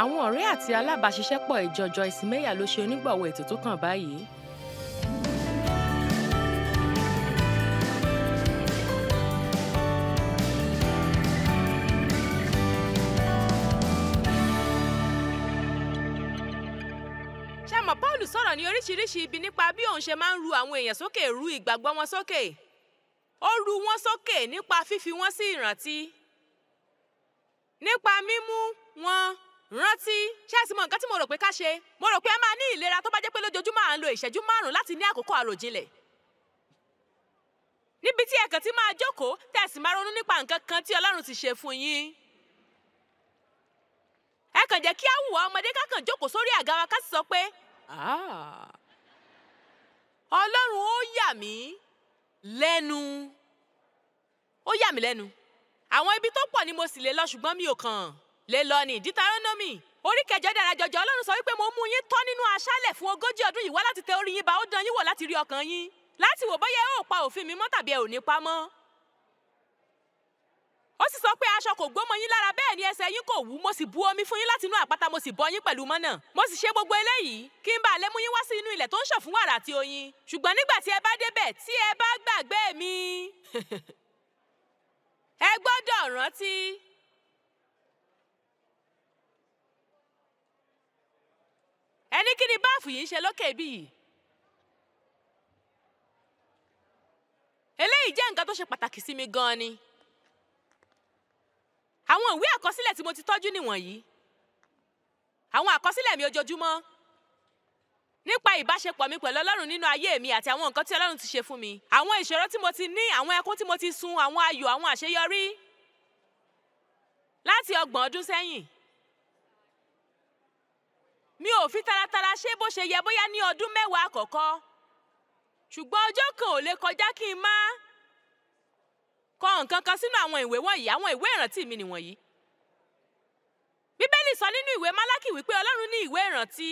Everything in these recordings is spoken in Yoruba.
àwọn ọ̀rẹ́ àti alábàáṣiṣẹ́pọ̀ ìjọ Joyce Meyer ló ṣe onígbọ̀wọ́ ètò tó kàn báyìí. ṣàmọ̀ Paul sọ̀rọ̀ ní oríṣiríṣi ibi nípa bí òun ṣe máa ń ru àwọn èèyàn sókè ru ìgbàgbọ́ wọn sókè ó ru wọn sókè nípa fífi wọn sí ìrántí nípa mímú wọn rántí ṣé ẹ sì mọ nǹkan tí mo rò pé ká ṣe mo rò pé ẹ máa ní ìlera tó bá jẹ́ pé lójoojúmọ́ à ń lo ìṣẹ́jú márùn-ún láti ní àkókò àròjinlẹ̀ níbi tí ẹ kàn ti máa jókòó tẹ́ ẹ sì máa ronú nípa nǹkan kan tí Ọlọ́run ti ṣe fún yín ẹ kàn jẹ́ kí á wùwà ọmọdé ká jókòó sórí àga wa ká sì sọ pé Ọlọ́run ó yà mí lẹ́nu ó yà mí lẹ́nu àwọn ibi tó pọ̀ ni mo sì lè lọ ṣùgbọ́n mi ò kàn lè lọ ní Deuteronomy orí kẹjọ dára jọjọ Ọlọ́run sọ wípé mo mú yín tọ́ nínú aṣálẹ̀ fún ogójì ọdún yìí wá láti tẹ orí yín ba ó dán yín wò láti rí ọkàn yín láti wò bóyá ẹ ò pa òfin mi mọ́ tàbí ẹ ò ní pa mọ́. ó sì sọ pé aṣọ kò gbó mọ́ yín lára bẹ́ẹ̀ ni ẹsẹ̀ yín kò wú mo sì bu omi fún yín láti inú àpáta mo sì bọ́ yín pẹ̀lú mọ́nà mo sì ṣe gbogbo eléyìí kí n bá lè yín wá sí inú ilẹ̀ tó ń ṣàn wàrà àti oyin ṣùgbọ́n nígbà tí ẹ bá débẹ̀ tí ẹ bá gbàgbé mi ẹ gbọ́dọ̀ rántí ní kí ni báàfù yìí ń ṣe lókè bí yìí. eléyìí jẹ́ nǹkan tó ṣe pàtàkì sí mi gan-an ni. àwọn ìwé àkọsílẹ̀ tí mo ti tọ́jú nìwọ̀nyí. àwọn àkọsílẹ̀ mi ojoojúmọ́ nípa ìbáṣepọ̀ mi pẹ̀lú ọlọ́run nínú ayé mi àti àwọn nǹkan tí ọlọ́run ti ṣe fún mi àwọn ìṣòro tí mo ti ní àwọn ẹkún tí mo ti sun àwọn ayọ̀ àwọn àṣeyọrí láti ọgbọ̀n ọdún sẹ́yìn mi ò fi taratara ṣe bó ṣe yẹ bóyá ní ọdún mẹ́wàá àkọ́kọ́ ṣùgbọ́n ọjọ́ kan ò lè kọjá kí n má kọ nǹkan kan sínú àwọn ìwé wọ̀nyí àwọn ìwé ìrántí mi nìwọ̀nyí. bíbélì sọ nínú ìwé málákì wípé ọlọ́run ní ìwé ìrántí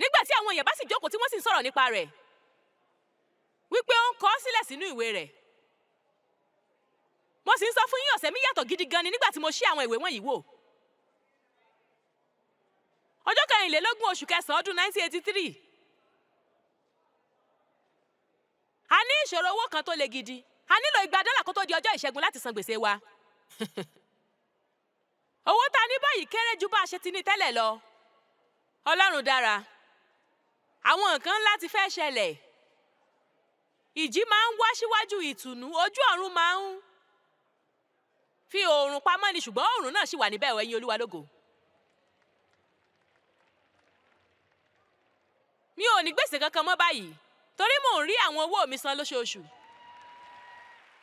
nígbà tí àwọn èèyàn bá sì jókòó tí wọ́n sì ń sọ̀rọ̀ nípa rẹ̀ wípé ó ń kọ sílẹ̀ sínú ìwé rẹ̀ mo sì ń sọ fún yín ọ̀sẹ̀ mi yàtọ̀ gidi gan ni nígbà tí mo ṣí àwọn ìwé wọ̀nyí wò ọjọ́ kẹrìnlélógún oṣù kẹsàn-án ọdún 1983 a ní ìṣòro owó kan tó le gidi a nílò igba dọ́là kó tó di ọjọ́ ìṣẹ́gun láti san gbèsè wa owó tá a ní báyìí kéré ju bá a ṣe ti ní tẹ́lẹ̀ lọ ọlọ́run dára àwọn nǹkan ńlá ti fẹ́ ṣẹlẹ̀ ìjì máa ń wá síwájú ìtùnú ojú ọ̀run máa ń fi oòrùn pamọ́ ni ṣùgbọ́n oòrùn náà ṣì wà níbẹ̀ ẹ̀yin olúwa lógo. mi ò ní gbèsè kankan mọ́ báyìí torí mò ń rí àwọn owó mi san lóṣooṣù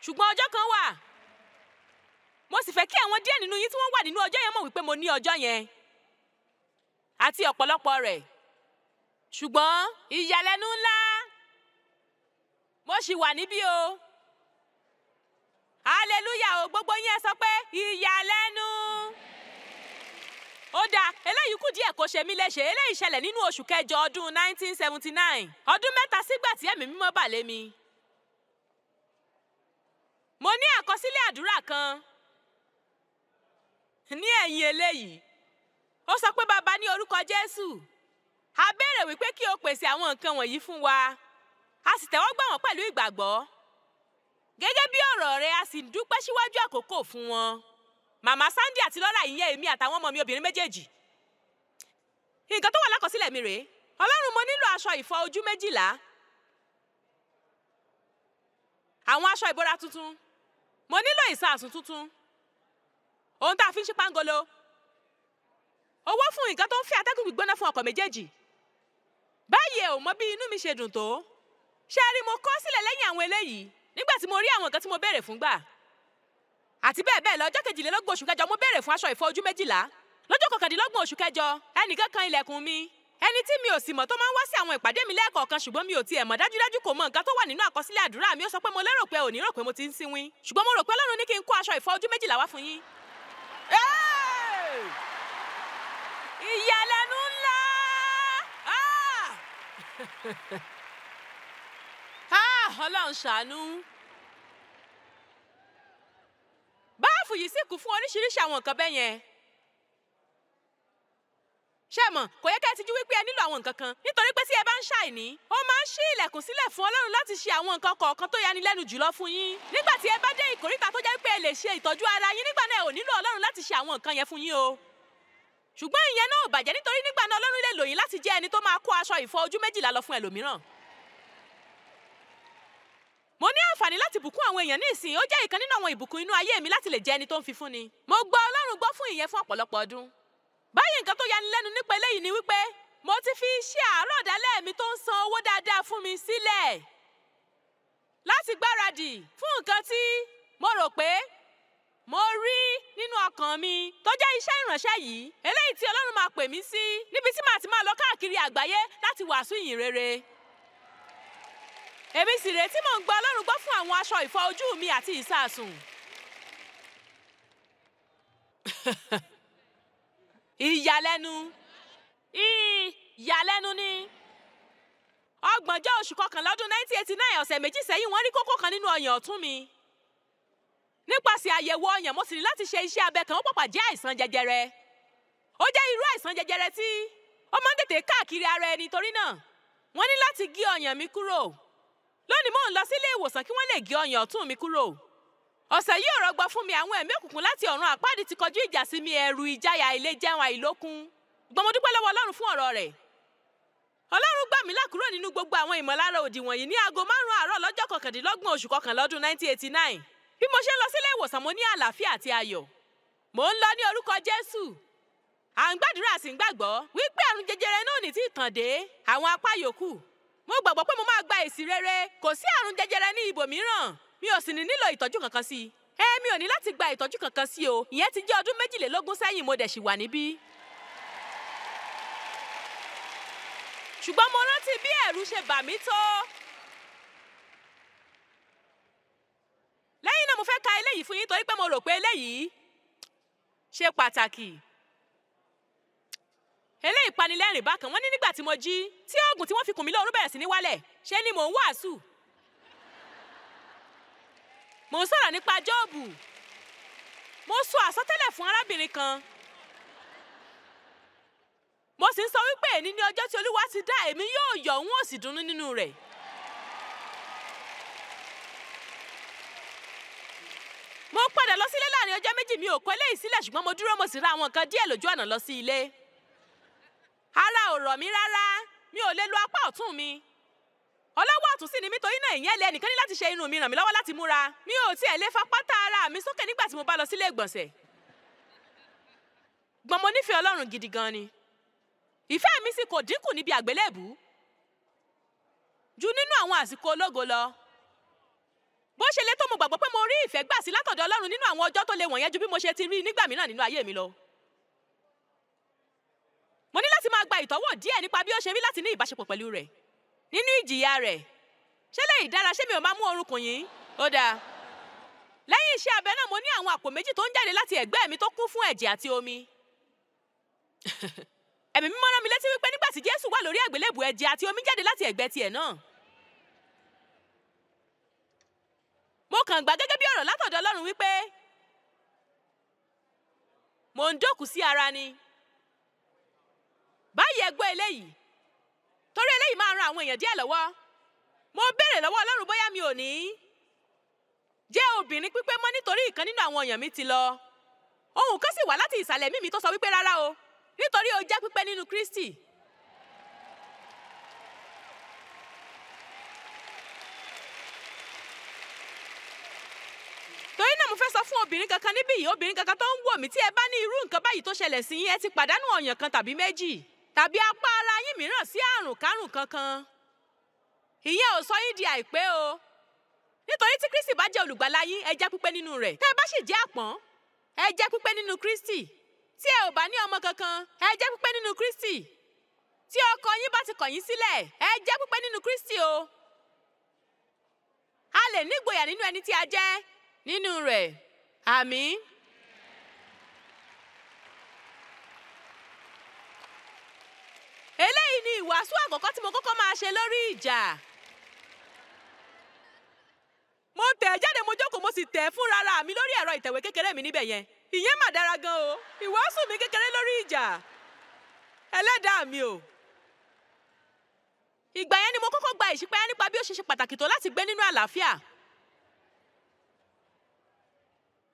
ṣùgbọ́n ọjọ́ kan wà mo sì fẹ́ kí àwọn díẹ̀ nínú yín tí wọ́n wà nínú ọjọ́ yẹn mọ̀ wípé mo ní ọjọ́ yẹn àti ọ̀pọ̀lọpọ̀ rẹ̀ ṣùgbọ́n ìyàlẹ́nu ńlá mo sì wà níbí o hallelujah o gbogbo yín sọ pé ìyàlẹ́nu ó dáa eléyìí kù díẹ̀ kó ṣe mí léṣe eléyìí ṣẹlẹ̀ nínú oṣù kẹjọ ọdún 1979 ọdún mẹ́ta sígbà tí ẹ̀mí mímọ́ bà lé mi. mo ní àkọsílẹ̀ àdúrà kan ní ẹ̀yìn eléyìí ó sọ pé bàbá ní orúkọ Jésù a béèrè wípé kí o pèsè àwọn nǹkan wọ̀nyí fún wa a sì tẹ́wọ́ gbà wọ́n pẹ̀lú ìgbàgbọ́ gẹ́gẹ́ bí ọ̀rọ̀ rẹ a sì dúpẹ́ síwájú àkókò fún wọn màmá Sandy àti lọ́la ìyẹn èmi àtàwọn ọmọ mi obìnrin méjèèjì nǹkan tó wà lákọsílẹ̀ mi rèé ọlọ́run mo nílò aṣọ ìfọ ojú méjìlá àwọn aṣọ ìbora tuntun mo nílò ìsàsùn tuntun ohun tá a fi ń ṣe pángolo owó fún nǹkan tó ń fi atẹ́gùn gbígbóná fún ọkọ̀ méjèèjì báyìí ò mọ bí inú mi ṣe dùn tó ṣe rí mo kọ́ sílẹ̀ lẹ́yìn àwọn eléyìí nígbà tí mo rí àwọn nǹkan tí mo béèrè fún gbà àti bẹ́ẹ̀ bẹ́ẹ̀ lọ ọjọ́ kejìlélógún oṣù kẹjọ mo béèrè fún aṣọ ìfọ ojú méjìlá lọ́jọ́ kọkàndínlógún oṣù kẹjọ ẹnìkan ilẹ̀kùn mi ẹni tí mi ò sì mọ̀ tó máa ń wá sí àwọn ìpàdé mi lẹ́ẹ̀kọ̀ọ̀kan ṣùgbọ́n mi ò tiẹ̀ mọ̀ dájúdájú kò mọ nǹkan tó wà nínú àkọsílẹ̀ àdúrà mi ó sọ pé mo lérò pé ò rò pé mo ti ń sinwin ṣùgbọ́n mo rò pé Ọlọ́run ní kí n kó aṣọ ìfọ ojú méjìlá wá fún yín. ìyàlẹ́nu ńlá ah! Ah! Ọlọ́run ṣàánú Joseph yìí sì kún fún oríṣiríṣi àwọn nǹkan bẹ́ẹ̀ yẹn ṣe mọ̀ kò yẹ ká ẹ ti jú wípé ẹ nílò àwọn nǹkan kan nítorí pé tí ẹ bá ń ṣàìní ó máa ń ṣí ilẹ̀kùn sílẹ̀ fún Ọlọ́run láti ṣe àwọn nǹkan kọ̀ọ̀kan tó yanilẹ́nu jùlọ fún yín nígbà tí ẹ bá dé ìkóríta tó jẹ́ wípé ẹ lè ṣe ìtọ́jú ara yín nígbà náà ò nílò Ọlọ́run láti ṣe àwọn nǹkan yẹn fún yín o ṣùgbọ́n ìyẹn náà ò bàjẹ́ nítorí nígbà náà Ọlọ́run lè lò yín láti jẹ́ ẹni tó máa kó aṣọ ìfọ ojú méjìlá lọ fún ẹlòmíràn mo ní àǹfààní láti bùkún àwọn èèyàn ní ìsìn ó jẹ́ ìkan nínú àwọn ìbùkún inú ayé mi láti lè jẹ ẹni tó ń fi fún ni. mo gba ọlọ́run gbọ́ fún ìyẹn fún ọ̀pọ̀lọpọ̀ ọdún. báyìí nǹkan tó yani lẹ́nu nípa eléyìí ni wípé mo ti fi iṣẹ́ àárọ̀ dálẹ̀ mi tó ń san owó dáadáa fún mi sílẹ̀ láti gbáradì fún nǹkan tí mo rò pé mo rí nínú ọkàn mi tó jẹ́ iṣẹ́ ìránṣẹ́ yìí eléyìí tí ọlọ́run máa pè mí sí níbi tí màá ti máa lọ káàkiri àgbáyé láti wàásù ìyìn rere èmi sì rèé tí mò ń gba ọlọ́run gbọ́ fún àwọn aṣọ ìfọ ojú mi àti ìsásùn. ìyàlẹ́nu ìyàlẹ́nu ni ọgbọ̀njọ́ oṣù kọkànlá ọdún 1989 ọ̀sẹ̀ méjì sẹ́yìn wọ́n rí kókó kan nínú ọyàn ọ̀tún mi nípasẹ̀ àyẹ̀wò ọyàn mo sì ní láti ṣe iṣẹ́ abẹ kan ó pàpà jẹ́ àìsàn jẹjẹrẹ ó jẹ́ irú àìsàn jẹjẹrẹ tí ó máa ń tètè káàkiri ara ẹni torí náà wọ́n ní láti gé ọyàn mi kúrò lónìí mò ń lọ sílé ìwòsàn kí wọ́n lè gé ọyàn ọ̀tún mi kúrò ọ̀sẹ̀ yìí ọ̀rọ̀ gbọ́ fún mi àwọn ẹ̀mí òkùnkùn láti ọ̀run àpáàdì ti kọjú ìjà sí mi ẹ̀rù ìjáyà ilé jẹun àìlókun gbọ́n mo dúpẹ́ lọ́wọ́ ọlọ́run fún ọ̀rọ̀ rẹ̀ ọlọ́run gbà mí là nínú gbogbo àwọn ìmọ̀lára òdì wọ̀nyí ní aago márùn-ún àárọ̀ lọ́jọ́ kọkàndínlọ́gbọ̀n 1989 bí mo ṣe ń lọ mo ní àlàáfíà àti ayọ̀ mò ń lọ ní orúkọ jésù à ń gbàdúrà mo gbàgbọ́ pé mo máa gba èsì rere kò sí àrùn jẹjẹrẹ ní ibòmíràn mi ò sì ní nílò ìtọ́jú kankan sí i. ẹ mi ò ní láti gba ìtọ́jú kankan sí o ìyẹn ti jẹ́ ọdún méjìlélógún sẹ́yìn mo dẹ̀ ṣì wà níbí. ṣùgbọ́n mo rántí bí ẹ̀rù ṣe bà mí tó. lẹ́yìn náà mo fẹ́ ka eléyìí fún yín torí pé mo rò pé eléyìí ṣe pàtàkì eléyìí panilẹ́rìn bákan wọ́n ní nígbà tí mo jí tí oògùn tí wọ́n fi kùn mí lóorun bẹ̀rẹ̀ sí ní wálẹ̀ ṣé ni mò ń wàásù mò ń sọ̀rọ̀ nípa Jóòbù mo sọ àsọtẹ́lẹ̀ fún arábìnrin kan mo sì ń sọ wípé èní ni ọjọ́ tí Olúwa ti dá èmi yóò yọ̀ n ó sì dunnú nínú rẹ̀. mo padà lọ sílé láàrin ọjọ́ méjì mi ò kọ́ eléyìí sílẹ̀ ṣùgbọ́n mo dúró mo sì ra àwọn nǹkan díẹ̀ lójú ọ̀nà lọ sí ilé ara ò rọ̀ mí rárá mi ò lè lo apá ọ̀tún mi ọlọ́wọ́ ọ̀tún sì ni mí torí náà ìyẹn lẹ ẹnìkan ní láti ṣe irun mi ràn mí lọ́wọ́ láti múra mi ò tiẹ̀ lè fa pátá ara mi sókè nígbà tí mo bá lọ sílé ìgbọ̀nsẹ̀ gbọ́n mo nífẹ̀ẹ́ Ọlọ́run gidi gan ni ìfẹ́ mi sì kò dínkù níbi àgbélébù ju nínú àwọn àsìkò ológo lọ bó ṣe lè tó mo gbàgbọ́ pé mo rí ìfẹ́ gbà sí látọ̀dọ̀ Ọlọ́run nínú àwọn ọjọ́ tó le wọ̀nyẹn ju bí mo ṣe ti rí nígbà mìíràn nínú ayé mi lọ mo ní láti máa gba ìtọ́wò díẹ̀ nípa bí ó ṣe rí láti ní ìbáṣepọ̀ pẹ̀lú rẹ̀ nínú ìjìyà rẹ̀ ṣé lè dára ṣé mi ò máa mú orun kùn yín ó dáa lẹ́yìn iṣẹ́ abẹ náà mo ní àwọn àpò méjì tó ń jáde láti ẹ̀gbẹ́ mi tó kún fún ẹ̀jẹ̀ àti omi ẹ̀mí mímọ́ rán mi létí wípé nígbà tí jésù wà lórí àgbélébù ẹ̀jẹ̀ àti omi jáde láti ẹ̀gbẹ́ tiẹ̀ náà mo kàn gbà gẹ́gẹ́ bí ọ̀rọ̀ látọ̀dọ̀ ọlọ́run wípé mo ń dókùú sí ara ni báyìí ẹ gbọ́ eléyìí torí eléyìí máa ran àwọn èèyàn díẹ̀ lọ́wọ́ mo béèrè lọ́wọ́ ọlọ́run bóyá mi ò ní jẹ́ obìnrin pípé mọ́ nítorí ìkan nínú àwọn èèyàn mi ti lọ ohun kan sì wá láti ìsàlẹ̀ mímí tó sọ wípé rárá o nítorí o jẹ́ pípé nínú Kristi. torí náà mo fẹ́ sọ fún obìnrin kankan níbí yìí obìnrin kankan tó ń wò mí tí ẹ bá ní irú nǹkan báyìí tó ṣẹlẹ̀ sí yín ẹ ti pàdánù ọ̀yàn kan tàbí méjì tàbí apá ara yín mìíràn sí àrùn kárùn kankan ìyẹn ò sọ yín di àìpé o nítorí tí Kristi bá jẹ́ olùgbàlà yín ẹ jẹ́ pípé nínú rẹ̀ tẹ́ ẹ bá sì jẹ́ àpọ́n ẹ jẹ́ pípé nínú Kristi tí ẹ ò bá ní ọmọ kankan ẹ jẹ́ pípé nínú Kristi tí ọkọ yín bá ti kọ̀ yín sílẹ̀ ẹ jẹ́ pípé nínú Kristi o a lè nígboyà nínú ẹni tí a jẹ́ nínú rẹ̀ àmín. eléyìí ni ìwàásù àkọ́kọ́ tí mo kọ́kọ́ máa ṣe lórí ìjà. mo tẹ̀ jáde mo jókòó mo sì tẹ̀ fún rárá mi lórí ẹ̀rọ ìtẹ̀wé kékeré mi níbẹ̀ yẹn ìyẹn mà dára gan o ìwàásù mi kékeré lórí ìjà ẹlẹ́dàá mi o. ìgbà yẹn ni mo kọ́kọ́ gba ìṣípayá nípa bí ó ṣe ṣe pàtàkì tó láti gbé nínú àlàáfíà.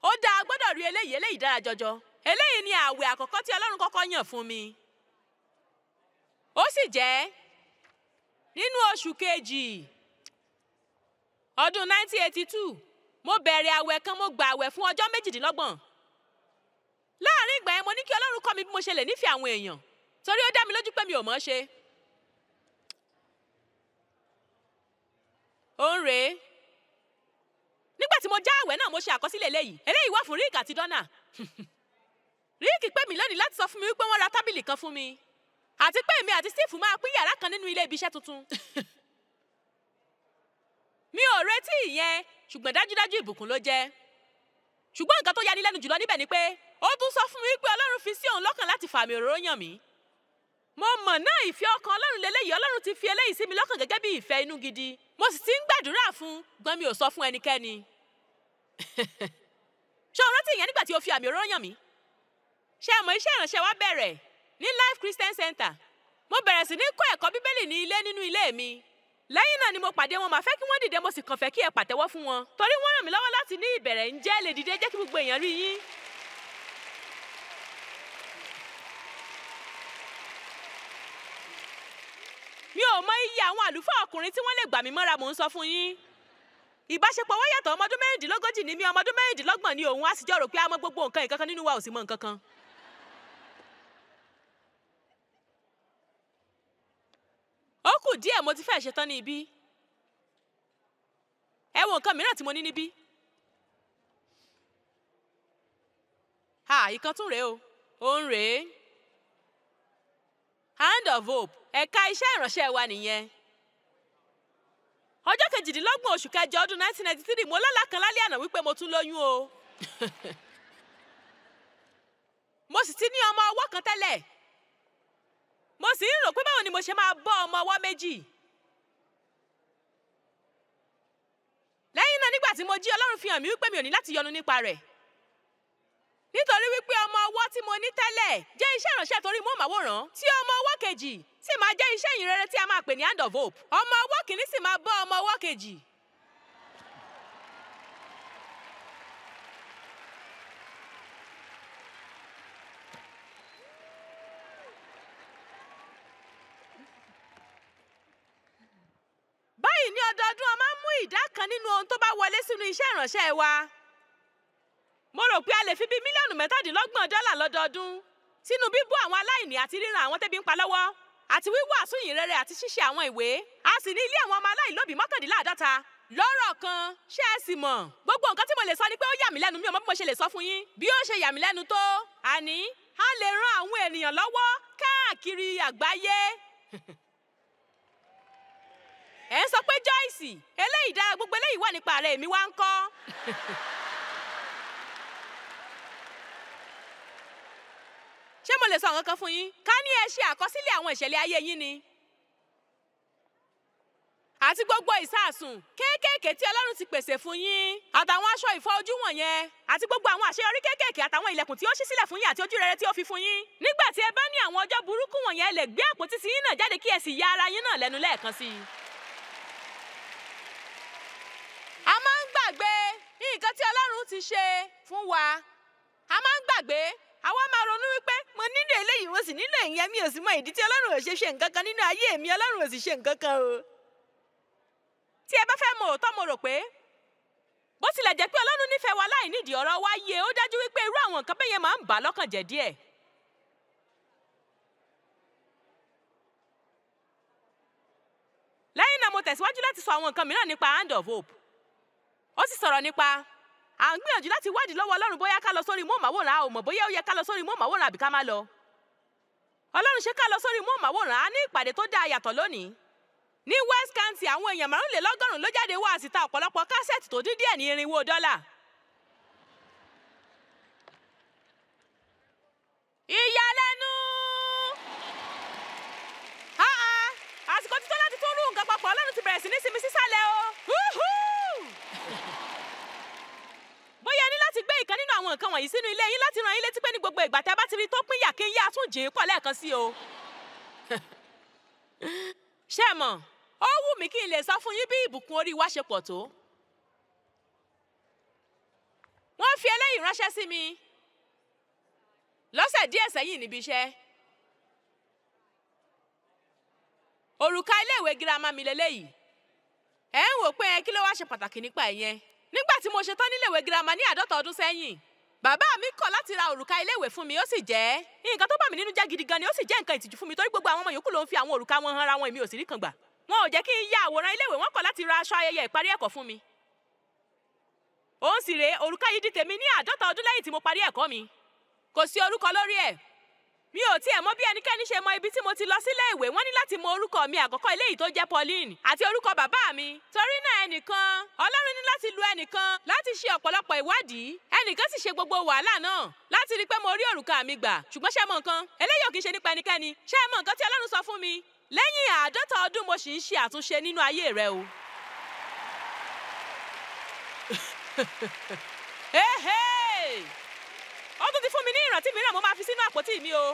ó dáa gbọ́dọ̀ rí eléyìí eléyìí dára jọjọ eléyìí ni ààwẹ̀ àkọ́kọ́ tí Ọlọ́run kọ́kọ́ yàn fún mi ó sì jẹ́ nínú oṣù kejì ọdún 1982 mo bẹ̀rẹ̀ àwẹ̀ kan mo gba àwẹ̀ fún ọjọ́ méjìdínlọ́gbọ̀n láàrin ìgbà yẹn mo ní kí ọlọ́run kọ́ mi bí mo ṣe lè nífẹ̀ẹ́ àwọn èèyàn torí ó dá mi lójú pé mi ò mọ̀ ọ́ ṣe. ó ń rèé nígbà tí mo já àwẹ̀ náà mo ṣe àkọsílẹ̀ eléyìí eléyìí wà fún ríìkì àti dọ́nà ríìkì pè mí lónìí láti sọ fún mi wípé wọ́n ra tábìlì kan fún mi àti pé èmi àti steve máa pín yàrá kan nínú ilé ibi iṣẹ́ tuntun. mi ò retí ìyẹn ṣùgbọ́n dájúdájú ìbùkún ló jẹ́. ṣùgbọ́n nǹkan tó yani lẹ́nu jùlọ níbẹ̀ ni pé ó tún sọ fún mi pé ọlọ́run fi sí òun lọ́kàn láti fàmì òróró yàn mí. mo mọ̀ náà ìfẹ́ ọkàn ọlọ́run lélẹ́yìí ọlọ́run ti fi eléyìí sí mi lọ́kàn gẹ́gẹ́ bí ìfẹ́ inú gidi mo sì ti ń gbàdúrà fún gan mi ò sọ fún ẹnikẹ́ni. ṣé o rántí ìyẹn nígbà tí o fi àmì òróró yàn mí? ṣé ẹ mọ̀ iṣẹ́ ìránṣẹ́ wa bẹ̀rẹ̀? ní life christian center mo bẹ̀rẹ̀ sí ní kọ́ ẹ̀kọ́ bíbélì ní ilé nínú ilé mi lẹ́yìn náà ni mo pàdé wọn màá fẹ́ kí wọ́n dìde mo sì kàn fẹ́ kí ẹ pàtẹ́wọ́ fún wọn torí wọ́n ràn mí lọ́wọ́ láti ní ìbẹ̀rẹ̀ ń jẹ́ lè dìde jẹ́ kí gbogbo èèyàn rí yín. mi ò mọ iye àwọn àlùfáà ọkùnrin tí wọ́n lè gbà mí mọ́ra mò ń sọ fún yín ìbáṣepọ̀ wọ́n yàtọ̀ ọmọdún mẹ́rìndínlógójì ni mí ọmọdún mẹ́rìndínlọ́gbọ̀n ni òun á sì jọ rò pé a mọ gbogbo nǹkan ìkankan nínú wa ò sì mọ nǹkan kan. kù díẹ̀ mo ti fẹ́ ṣetán ní ibí ẹ wo nǹkan mìíràn tí mo ní níbí ìkan tún rèé o òun rèé hand of hope ẹ̀ka iṣẹ́ ìránṣẹ́ wa nìyẹn ọjọ́ kejìdínlọ́gbọ̀n oṣù kẹjọ ọdún 1993 mo lọ́la kan lálẹ́ àná wípé mo tún lóyún o mo sì ti ní ọmọ ọwọ́ kan tẹ́lẹ̀ mo sì ń rò pé báwo ni mo ṣe máa bọ́ ọmọ ọwọ́ méjì. lẹ́yìn náà nígbà tí mo jí ọlọ́run fi hàn mí wípé mi ò ní láti yọnu nípa rẹ̀ nítorí wípé ọmọ ọwọ́ tí mo ní tẹ́lẹ̀ jẹ́ iṣẹ́ ìránṣẹ́ torí móhùnmáwòrán tí ọmọ ọwọ́ kejì sì máa jẹ́ iṣẹ́ ìyìnrere tí a máa pè ní hand of hope ọmọ ọwọ́ kìíní sì máa bọ́ ọmọ ọwọ́ kejì. kan nínú ohun tó bá wọlé sínú iṣẹ́ ìránṣẹ́ wa mo rò pé a lè fi bíi mílíọ̀nù mẹ́tàdínlọ́gbọ̀n dọ́là lọ́dọọdún sínú bíbọ́ àwọn aláìní àti ríran àwọn tẹ́bi ń pa lọ́wọ́ àti wíwàásù ìyìnrere àti ṣíṣe àwọn ìwé a sì ní ilé àwọn ọmọ aláìlóbìí mọ́kàndínláàdọ́ta lọ́rọ̀ kan ṣé ẹ sì mọ̀ gbogbo nǹkan tí mo lè sọ ni pé ó yà mí lẹ́nu mi ò mọ bí mo ṣe lè sọ fún yín bí ó ṣe yà mí lẹ́nu tó àní a lè ran àwọn ènìyàn lọ́wọ́ káàkiri àgbáyé ọ́fíìsì eléyìí dára gbogbo eléyìí wà nípa ààrẹ mi wá ń kọ́. ṣé mo lè sọ nǹkan kan fún yín ká ní ẹ ṣe àkọsílẹ̀ àwọn ìṣẹ̀lẹ̀ ayé yín ni àti gbogbo ìsásùn kéékèèké tí ọlọ́run ti pèsè fún yín àtàwọn aṣọ ìfọ̀ ojú wọ̀nyẹn àti gbogbo àwọn àṣeyọrí kéékèèké àtàwọn ilẹ̀kùn tí ó ṣí sílẹ̀ fún yín àti ojú rere tí ó fi fún yín nígbà tí ẹ bá ní àwọn ọjọ́ burúkú wọ̀nyẹn lè gbé àpótí tí yín náà jáde kí ẹ sì ya ara yín náà lẹ́nu lẹ́ẹ̀kan sí i. ti ṣe fún wa a máa ń gbàgbé àwa máa ronú wípé mo nílò eléyìí mo sì nílò ìyẹn mi ò sì mọ ìdí tí ọlọ́run ò ṣe ṣe nǹkan kan nínú ayé mi ọlọ́run ò sì ṣe nǹkan kan o. tí ẹ bá fẹ́ mọ òótọ́ mo rò pé bó tilẹ̀ jẹ́ pé ọlọ́run nífẹ̀ẹ́ wa láì nídìí ọ̀rọ̀ wa yé ó dájú wípé irú àwọn nǹkan bẹ́yẹn máa ń bà lọ́kàn jẹ́ díẹ̀. lẹ́yìn náà mo tẹ̀síwájú láti sọ àwọn nǹkan mìíràn nípa hand of hope ó sì sọ̀rọ̀ nípa à ń gbìyànjú láti wádìí lọ́wọ́ ọlọ́run bóyá ká lọ sórí móhùnmáwòrán a ò mọ̀ bóyá ó yẹ ká lọ sórí móhùnmáwòrán àbí ká má lọ. ọlọ́run ṣe ká lọ sórí móhùnmáwòrán a ní ìpàdé tó dáa yàtọ̀ lónìí. ní west county àwọn èèyàn márùnlélọ́gọ́rùn-ún ló jáde wá àsìta ọ̀pọ̀lọpọ̀ kásẹ̀tì tó dín díẹ̀ ní irinwó dọ́là. ìyàlẹ́nu. àsìkò títọ́ láti tún rú nǹkan papọ̀ ọlọ́run ti bẹ̀rẹ̀ sí ní sinmi sísàlẹ̀ o. nǹkan wọ̀nyí sínú ilé yín láti ràn yín létí pé ní gbogbo ìgbà tẹ́ bá ti rí tó pín yàkín yá tún jìn pọ̀ lẹ́ẹ̀kan sí o. ṣé mọ̀ ó wù mí kí n lè sọ fún yín bí ìbùkún orí wa ṣe pọ̀ tó. wọ́n fi eléyìí ránṣẹ́ sí mi lọ́sẹ̀ díẹ̀ sẹ́yìn níbi iṣẹ́. òrùka iléèwé girama mi lélẹ́yìí ẹ̀ ń wò pé kí ló wá ṣe pàtàkì nípa ìyẹn nígbà tí mo ṣetán níléèwé girama ní àádọ́ta ọdún sẹ́yìn bàbá mi kọ̀ láti ra òrùka iléèwé fún mi ó sì jẹ́ nǹkan tó bà mí nínú jẹ́ gidi gan ni ó sì jẹ́ nǹkan ìtìjú fún mi torí gbogbo àwọn ọmọ yòókù ló ń fi àwọn òrùka wọn hanra wọn èmi ò sì rí kan gbà wọn ò jẹ́ kí n ya àwòrán iléèwé wọn kọ̀ láti ra aṣọ ayẹyẹ ìparí ẹ̀kọ́ fún mi òun sì rèé òrùka yìí di tèmi ní àádọ́ta ọdún lẹ́yìn tí mo parí ẹ̀kọ́ mi kò sí orúkọ lórí ẹ̀ mi ò tiẹ̀ mọ bí ẹnikẹ́ni ṣe mọ ibi tí mo ti lọ sílé ìwé wọ́n ní láti mọ orúkọ mi àkọ́kọ́ eléyìí tó jẹ́ Pauline àti orúkọ bàbá mi torí náà ẹnìkan Ọlọ́run ní láti lu ẹnìkan láti ṣe ọ̀pọ̀lọpọ̀ ìwádìí ẹnìkan sì ṣe gbogbo wàhálà náà láti rí i pé mo rí òrùka mi gbà ṣùgbọ́n ṣé mọ nǹkan eléyìí ò kì í ṣe nípa ẹnikẹ́ni ṣé mọ nǹkan tí Ọlọ́run sọ fún mi lẹ́yìn àádọ́ta ọdún mo sì ń ṣe àtúnṣe ó tún ti fún mi ní ìrántí mìíràn mo máa fi sínú àpótí mi o.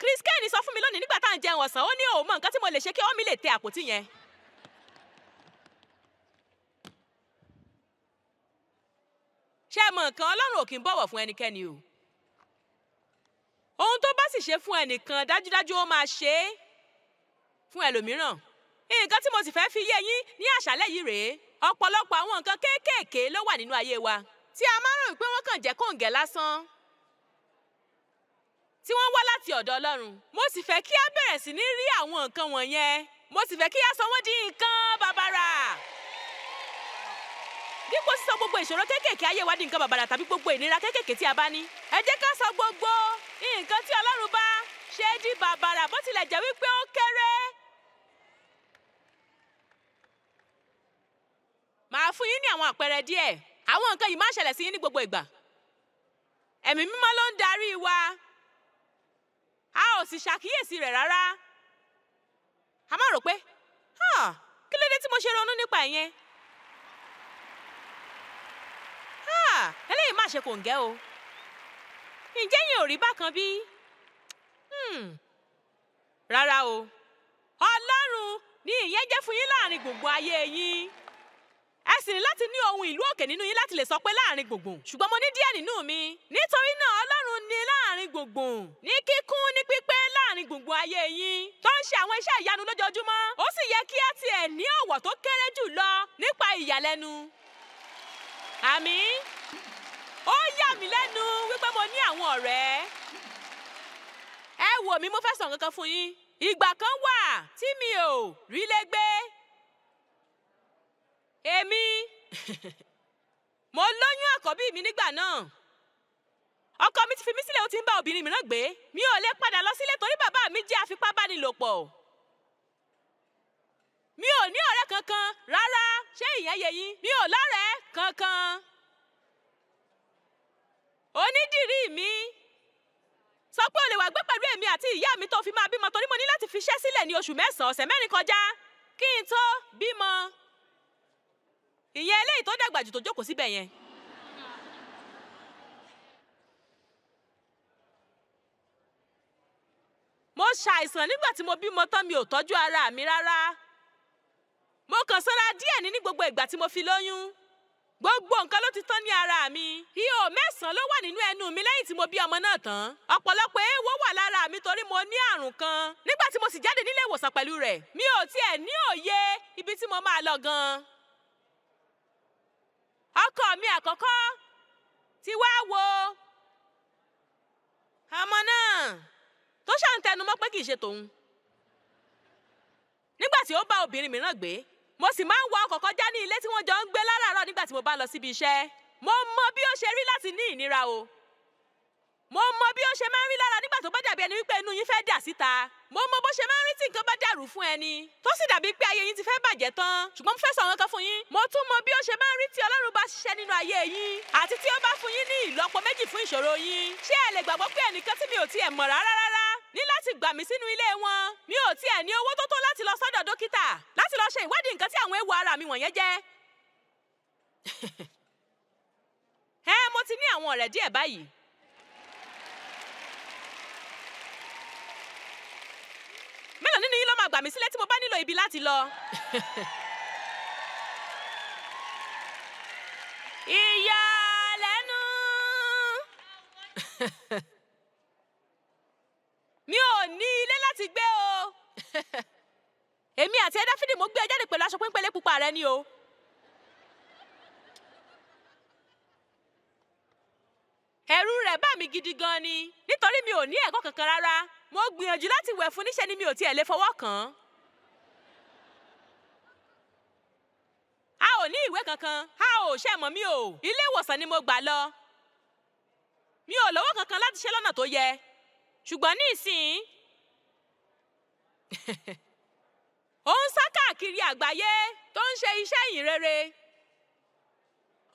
Chris Kane sọ fún mi lónìí nígbà tá à ń jẹun ọ̀sán ó ní òun mọ nǹkan tí mo lè ṣe kí omi lè tẹ àpótí yẹn. ṣé ẹ mọ nǹkan Ọlọ́run ò kì í bọ̀wọ̀ fún ẹnikẹ́ni o ohun tó bá sì ṣe fún ẹnìkan dájúdájú ó máa ṣe é fún ẹlòmíràn nǹkan tí mo sì fẹ́ fi yé yín ní àṣálẹ́ yìí rèé ọ̀pọ̀lọpọ̀ àwọn nǹkan kéékèèké ló wà nínú ayé wa tí a máa ń rò pé wọ́n kàn jẹ́ kòǹgẹ́ lásán tí wọ́n wá láti ọ̀dọ̀ Ọlọ́run mo sì fẹ́ kí a bẹ̀rẹ̀ sí ní rí àwọn nǹkan wọ̀nyẹn mo sì fẹ́ kí a sọ wọ́n di nǹkan bàbàrà dípò sísọ gbogbo ìṣòro kéékèèké ayé wa di nǹkan bàbàrà tàbí gbogbo ìnira kéékèèké tí a bá ní ẹ jẹ́ ká sọ gbogbo nǹkan tí Ọlọ́run bá ṣe di bàbàrà bó tilẹ̀ jẹ́ wípé ó kéré màá fún yín ní àwọn àpẹẹrẹ díẹ̀ àwọn nǹkan yìí máa ṣẹlẹ̀ sí yín ní gbogbo ìgbà ẹ̀mí mímọ́ ló ń darí wa a ò sì ṣàkíyèsí rẹ̀ rárá a máa rò pé kí ló dé tí mo ṣe ronú nípa ìyẹn eléyìí má ṣe kò ń gẹ́ o ǹjẹ́ yẹn ò rí bákan bí? Hmm. rárá o ọlọ́run ni ìyẹn jẹ́ fún yín láàrin gbogbo ayé yín ẹ sì ní láti ní ohun ìlú òkè nínú yín láti lè sọ pé láàrin gbùngbùn ṣùgbọ́n mo ní díẹ̀ nínú mi nítorí náà ọlọ́run ni láàrin gbùngbùn ní kíkún ní pípé láàrin gbùngbùn ayé yín tó ń ṣe àwọn iṣẹ́ ìyanu lójoojúmọ́ ó sì yẹ kí á tiẹ̀ ní ọ̀wọ̀ tó kéré jù lọ nípa ìyàlẹ́nu àmín ó yà mí lẹ́nu wípé mo ní àwọn ọ̀rẹ́ ẹ wò mí mo fẹ́ sọ nǹkan kan fún yín ìgbà kan wà tí mi ò rí lé gbé èmi mo lóyún àkọ́bí mi nígbà náà ọkọ mi ti fi mí sílẹ̀ ó ti ń bá obìnrin mìíràn gbé mi ò lè padà lọ sílé torí bàbá mi jẹ́ afipábánilòpọ̀ mi ò ní ọ̀rẹ́ kankan rárá ṣé ìyẹn yẹ yín mi ò lọ́rẹ̀ẹ́ kankan onídìrí mi sọ pé o lè wà gbé pẹ̀lú èmi àti ìyá mi tó fi máa bímọ torí mo ní láti fi iṣẹ́ sílẹ̀ ní oṣù mẹ́sàn-án ọ̀sẹ̀ mẹ́rin kọjá kí n tó bímọ ìyẹn eléyìí tó dàgbà jù tó jókòó síbẹ̀ yẹn. mo ṣàìsàn nígbà tí mo bímọ tán mi ò tọ́jú ara mi rárá mo kàn sanra díẹ̀ ní ní gbogbo ìgbà tí mo fi lóyún gbogbo nǹkan ló ti tán ní ara mi ihò mẹ́sàn-án ló wà nínú ẹnu mi lẹ́yìn tí mo bí ọmọ náà tán ọ̀pọ̀lọpọ̀ èèwọ̀ wà lára mi torí mo ní àrùn kan nígbà tí mo sì jáde nílé ìwòsàn pẹ̀lú rẹ̀ mi ò tiẹ̀ ní òye ibi tí mo máa lọ gan-an ọkọ mi àkọ́kọ́ ti wá wo ọmọ náà tó ṣàǹtẹnumọ́ pé kì í ṣe tòun nígbà tí ó bá obìnrin mìíràn gbé mo sì máa ń wọ ọkọ̀ kọjá ní ilé tí wọ́n jọ ń gbé láràárọ̀ nígbà tí mo bá lọ síbi iṣẹ́ mo mọ bí ó ṣe rí láti ní ìnira o mo mọ bí ó ṣe máa ń rí lára nígbà tó bá dàbí ẹni wípé inú yín fẹ́ dà síta mo mọ bó ṣe máa ń rí tí nǹkan bá dàrú fún ẹni tó sì dàbí pé ayé yín ti fẹ́ bàjẹ́ tán ṣùgbọ́n mo fẹ́ sọ nǹkan kan fún yín mo tún mọ bí ó ṣe máa ń rí tí ọlọ́run bá ṣiṣẹ́ nínú ayé yín àti tí ó bá fún yín ní ìlọ́po méjì fún ìṣòro yín ṣé ẹ lè gbàgbọ́ pé ẹnìkan tí mi ò tiẹ̀ mọ̀ rárá rárá ní láti gbà mí sínú ilé wọn mi ò tiẹ̀ ní owó tó tó láti lọ sọ́dọ̀ dókítà láti lọ ṣe ìwádìí nǹkan tí àwọn ewu ara mi wọ̀nyẹn jẹ́ ẹ mo ti ní àwọn ọ̀rẹ́ díẹ̀ báyìí nínú yín ló máa gbà mí sílẹ̀ tí mo bá nílò ibi láti lọ. ìyàlẹ́nu. mi ò ní ilé láti gbé o. èmi àti ẹdáfídì mo gbé ẹ jáde pẹ̀lú aṣọ péńpẹ́lẹ́ pupa rẹ ni o. ẹ̀rù rẹ̀ bà mí gidi gan ni nítorí mi ò ní ẹ̀kọ́ kankan rárá mo gbìyànjú láti wẹ̀ fún níṣẹ́ ni mi ò tiẹ̀ lè fọwọ́ kàn án. a ò ní ìwé kankan a ò ṣe mọ̀ mí o ilé ìwòsàn ni mo gbà lọ mi ò lówó kankan láti ṣe lọ́nà tó yẹ ṣùgbọ́n ní ìsìn ó ń sá káàkiri àgbáyé tó ń ṣe iṣẹ́ ìyìn rere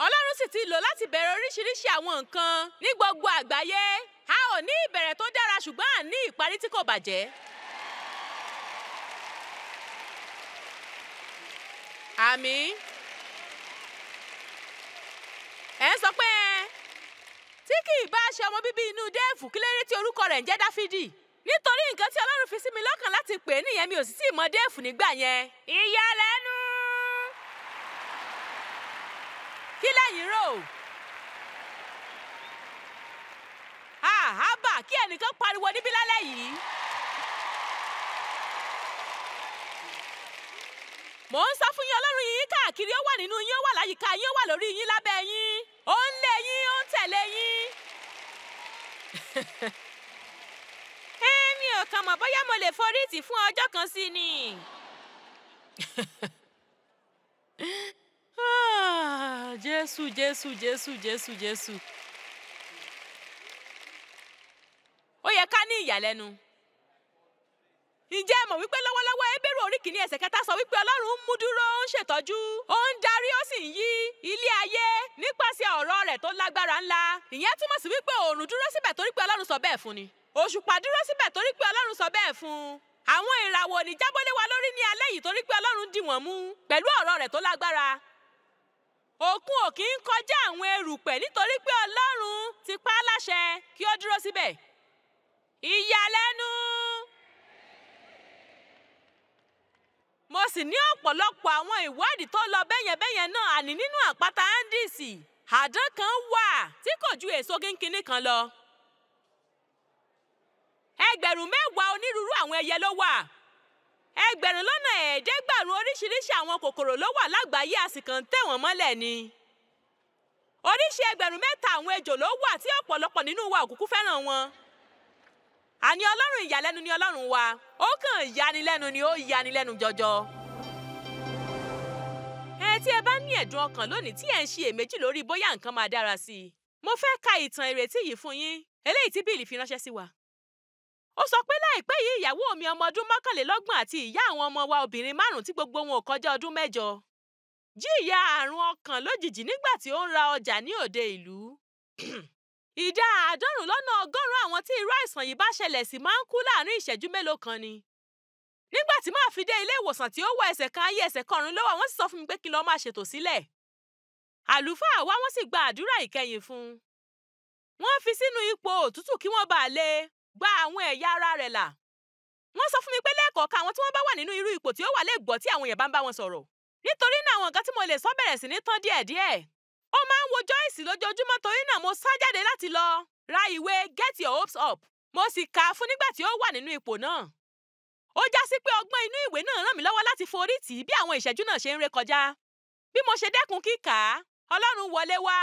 ọlọ́run sì ti lò láti bẹ̀rẹ̀ oríṣiríṣi àwọn nǹkan ní gbogbo àgbáyé a ò ní ìbẹ̀rẹ̀ tó dára ṣùgbọ́n à ní ìparí tí kò bàjẹ́. àmín. ẹ ń sọ pé tí kì í bá ṣe ọmọ bíbí inú déèfù kí lérè tí orúkọ rẹ̀ ń jẹ́ dáfídì nítorí nǹkan tí ọlọ́run fi sí mi lọ́kàn láti pè é nìyẹn mi ò sì sí ìmọ̀ déèfù nígbà yẹn. ìyàlẹ́nu. kí lẹ́yìn rò. nìkan pariwo níbí lálẹ́ yìí. mò ń sọ fún yín ọlọ́run yín káàkiri ó wà nínú yín ó wà láyìíká yín ó wà lórí yín lábẹ́ yín ó ń lé yín ó ń tẹ̀lé yín. ẹ eh, mi mọ̀ bóyá mo lè forí tì fún ọjọ́ kan sí ni. Ah, jésù jésù jésù jésù jésù. ìyàlẹ́nu. Ǹjẹ́ ẹ mọ̀ wípé lọ́wọ́lọ́wọ́ Ébérù orí kìíní ẹsẹ̀ kẹta sọ wípé Ọlọ́run ń mú dúró ń ṣètọ́jú ó ń darí ó sì ń yí ilé ayé nípasẹ̀ ọ̀rọ̀ rẹ̀ tó lágbára ńlá ìyẹn túmọ̀ sí wípé oòrùn dúró síbẹ̀ torí pé Ọlọ́run sọ bẹ́ẹ̀ fún ni òṣùpá dúró síbẹ̀ torí pé Ọlọ́run sọ bẹ́ẹ̀ fún àwọn ìràwọ̀ ní jábọ́lé wa lórí ní alẹ́ yìí torí pé Ọlọ́run dì wọ́n mú pẹ̀lú ọ̀rọ̀ rẹ̀ tó lágbára òkun ò kọjá àwọn erùpẹ̀ nítorí pé Ọlọ́run ti pa á láṣẹ kí ó dúró síbẹ̀ ìyàlẹ́nu. mo sì ní ọ̀pọ̀lọpọ̀ àwọn ìwádìí tó lọ bẹ́yẹn bẹ́yẹn náà àní nínú àpáta andisi àdán kan wà tí kò ju èso kínkínní kan lọ. ẹgbẹ̀rún mẹ́wàá onírúurú àwọn ẹyẹ ló wà. ẹgbẹ̀rún lọ́nà ẹ̀ẹ́dẹ́gbàrún oríṣiríṣi àwọn kòkòrò ló wà lágbàáyé a sì kàn ń tẹ̀ wọ́n mọ́lẹ̀ ni. oríṣi ẹgbẹ̀rún mẹ́ta àwọn ejò ló wà tí ọ̀pọ̀lọpọ̀ nínú wa òkùnkùn fẹ́ràn wọn àní ọlọ́run ìyàlẹ́nu ni ọlọ́run wa ó kàn yanilẹ́nu ni ó yanilẹ́nu jọjọ. ẹ tí ẹ bá ní ẹ̀dùn ọkàn lónìí tí ẹ ń ṣiyèméjì lórí bóyá nǹkan máa dára sí i mo fẹ́ ka ìtàn ìrètí yìí fún yín eléyìí tí bíìlì fi ránṣẹ́ sí wa. ó sọ pé láìpẹ́ yìí ìyàwó mi ọmọ ọdún mọ́kànlélọ́gbọ̀n àti ìyá àwọn ọmọ wa obìnrin márùn-ún tí gbogbo wọn ò kọjá ọdún mẹ́jọ jìyà àrùn ọkàn lójijì nígbà tí ó ń ra ọjà ní òde ìlú Ìdá àádọ́rùn-ún lọ́nà ọgọ́rùn-ún àwọn tí irú àìsàn yìí bá ṣẹlẹ̀ sí máa ń kú láàárín ìṣẹ́jú mélòó kan ni. Nígbà tí màá fi dé ilé ìwòsàn tí ó wọ ẹsẹ̀ kan ayé ẹsẹ̀ karùn-ún ló wà wọ́n sì sọ fún mi pé kí n lọ máa ṣètò sílẹ̀. Àlùfáà wá wọ́n sì gba àdúrà ìkẹyìn fún un. Wọ́n fi sínú ipò òtútù kí wọ́n bàa lè gba àwọn ẹ̀yà ara rẹ̀ là. Wọ́n sọ fún mi pé lẹ́ẹ̀kọ̀ọ̀kan àwọn tí wọ́n bá wà nínú irú ipò tí ó wà ó máa ń wo Joyce lójoojúmọ́ torí náà mo sá jáde láti lọ ra ìwé Get Your Hopes Up mo sì kà á fún nígbà tí ó wà nínú ipò náà. ó já sí pé ọgbọ́n inú ìwé náà ràn mí lọ́wọ́ láti forí tì í bí àwọn ìṣẹ́jú náà ṣe ń rékọjá. bí mo ṣe dẹ́kun kíkà á Ọlọ́run wọlé wá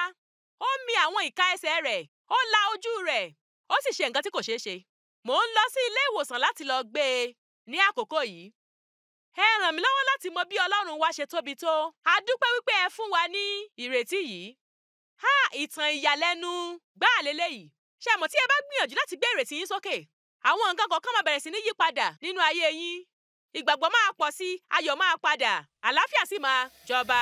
ó mi àwọn ìka ẹsẹ̀ rẹ̀ ó la ojú rẹ̀ ó sì ṣe nǹkan tí kò ṣeé ṣe. mò ń lọ sí ilé ìwòsàn láti lọ gbé e ní àkókò yìí ẹ ràn mí lọ́wọ́ láti mọ bí Ọlọ́run wa ṣe tóbi tó. a dúpẹ́ wípé ẹ fún wa ní ìrètí yìí. ha ìtàn ìyàlẹ́nu gbáà lélẹ́yìí. ṣé àmọ́ tí ẹ bá gbìyànjú láti gbé ìrètí yín sókè àwọn nǹkan kọ̀ọ̀kan máa bẹ̀rẹ̀ sí ní yípadà nínú ayé yín. ìgbàgbọ́ máa pọ̀ sí ayọ̀ máa padà àlàáfíà sì máa jọba.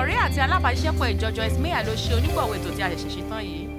ọ̀rẹ́ àti alábàáṣiṣẹ́pọ̀ ìjọjọ ismail ló ṣe onígbọ̀wọ́ ètò tí a ṣẹ̀ṣẹ̀ ṣe tán yìí